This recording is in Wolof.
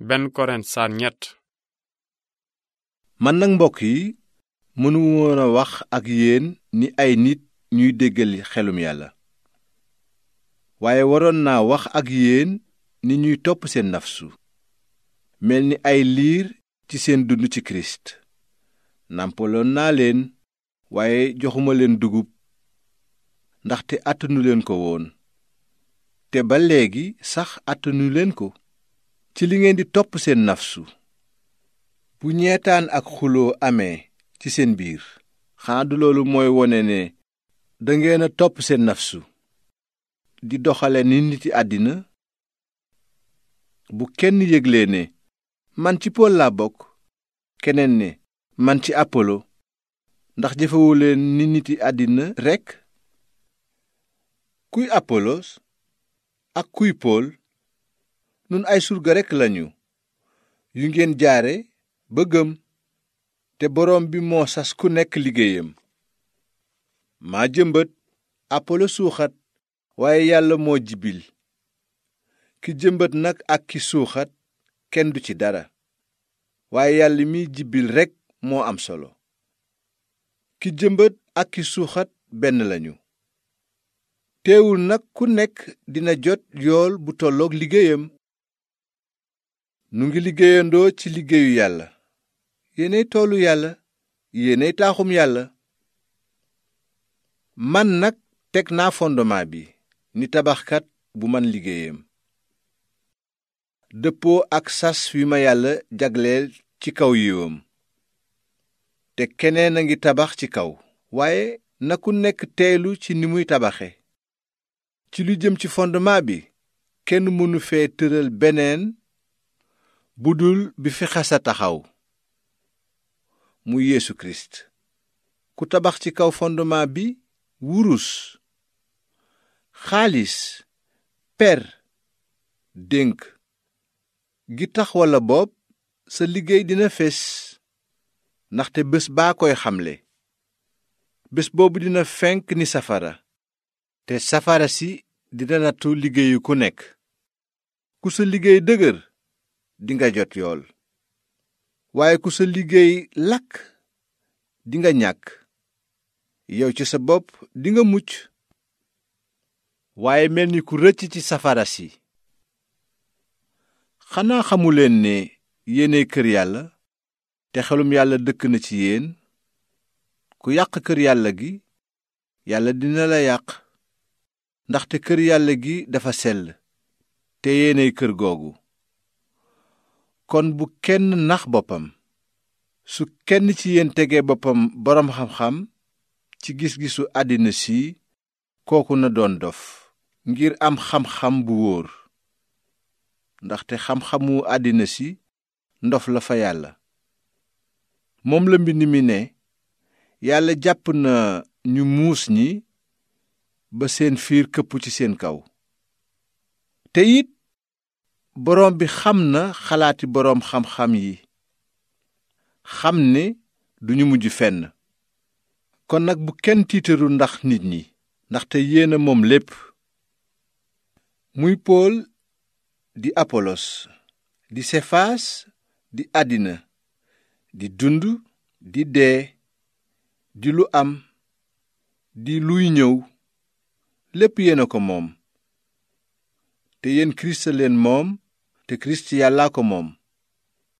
benn korent ñett man nag mbokk yi mënu a wax ak yéen ni ay nit ñuy déggali xelum yàlla waaye waroon naa wax ak yéen ni ñuy topp seen nafsu mel ni ay liir ci seen dund ci kirist nàmpaloon naa leen waaye joxuma leen dugub ndaxte àttanu leen ko woon te ba léegi sax àttanu leen ko ci li ngeen di topp seen nafsu bu ñeetaan ak xuloo amee ci seen biir xanaa du loolu mooy wone ne dangeen a topp seen nafsu di doxale ni niti àddina bu kenn yëglee ne man ci pol laa bokk keneen ne man ci apolo ndax jëfewuleen ni niti àddina rekk kuy apolos ak kuy nun ay surga rekk lañu yu ngeen jaare bëggam te boroom bi moo sas ku nekk liggéeyam maa jëmbat apolo suuxat waaye yàlla moo jibil ki jëmbat nag ak ki suuxat kenn du ci dara waaye yàlla mi jibil rekk moo am solo ki jëmbët ak ki suuxat benn lañu teewul nag ku nekk dina jot yool bu tollook liggéeyam nu ngi liggéeyandoo ci liggéeyu yàlla yéenay toolu yàlla yéenay taaxum yàlla man nag teg naa fondement bi ni tabaxkat bu man liggéeyam dëppoo ak sas wi ma yàlla jagleel ci kaw yiwam te keneen a ngi tabax ci kaw waaye na ku nekk teelu ci ni muy tabaxe ci lu jëm ci fondement bi kenn mënu fee tëral beneen bu dul bi fi xasa taxaw mu yéesu Kirist ku tabax ci kaw fondement bi wurus xaalis per dénk gi walla bopp sa liggéey dina fés ndaxte bés baa koy xamle bés boobu dina fenk ni safara te safara si dina nattu liggéeyu ku nekk ku sa liggéey dëgër dinga jot yool waaye ku sa liggéey lakk dinga ñàkk yow ci sa bopp dinga mucc waaye mel ni ku rëcc ci safara si xanaa xamuleen ne yéene kër yàlla te xelum yàlla dëkk na ci yéen ku yàq kër yàlla gi yàlla dina la yàq ndaxte kër yàlla gi dafa sell te yéeney kër googu kon bu kenn nax boppam su kenn ci yéen tege boppam boroom xam-xam ci gis-gisu àddina si kooku na doon dof ngir am xam-xam bu wóor ndaxte xam-xamu àddina si ndof la fa yàlla moom la mbind mi ne yàlla jàpp na ñu muus ñi ba seen fiir këpp ci seen kaw boroom bi xam na xalaati boroom xam-xam yi xam ne duñu mujj fenn kon nag bu kenn tiitaru ndax nit ñi ndaxte yéen a moom lépp muy pool di apolos di sefaas di àddina di dund di dee di lu am di luy ñëw lépp yéen a ko moom te yéen kirist leen moom te kirist yàllaa ko moom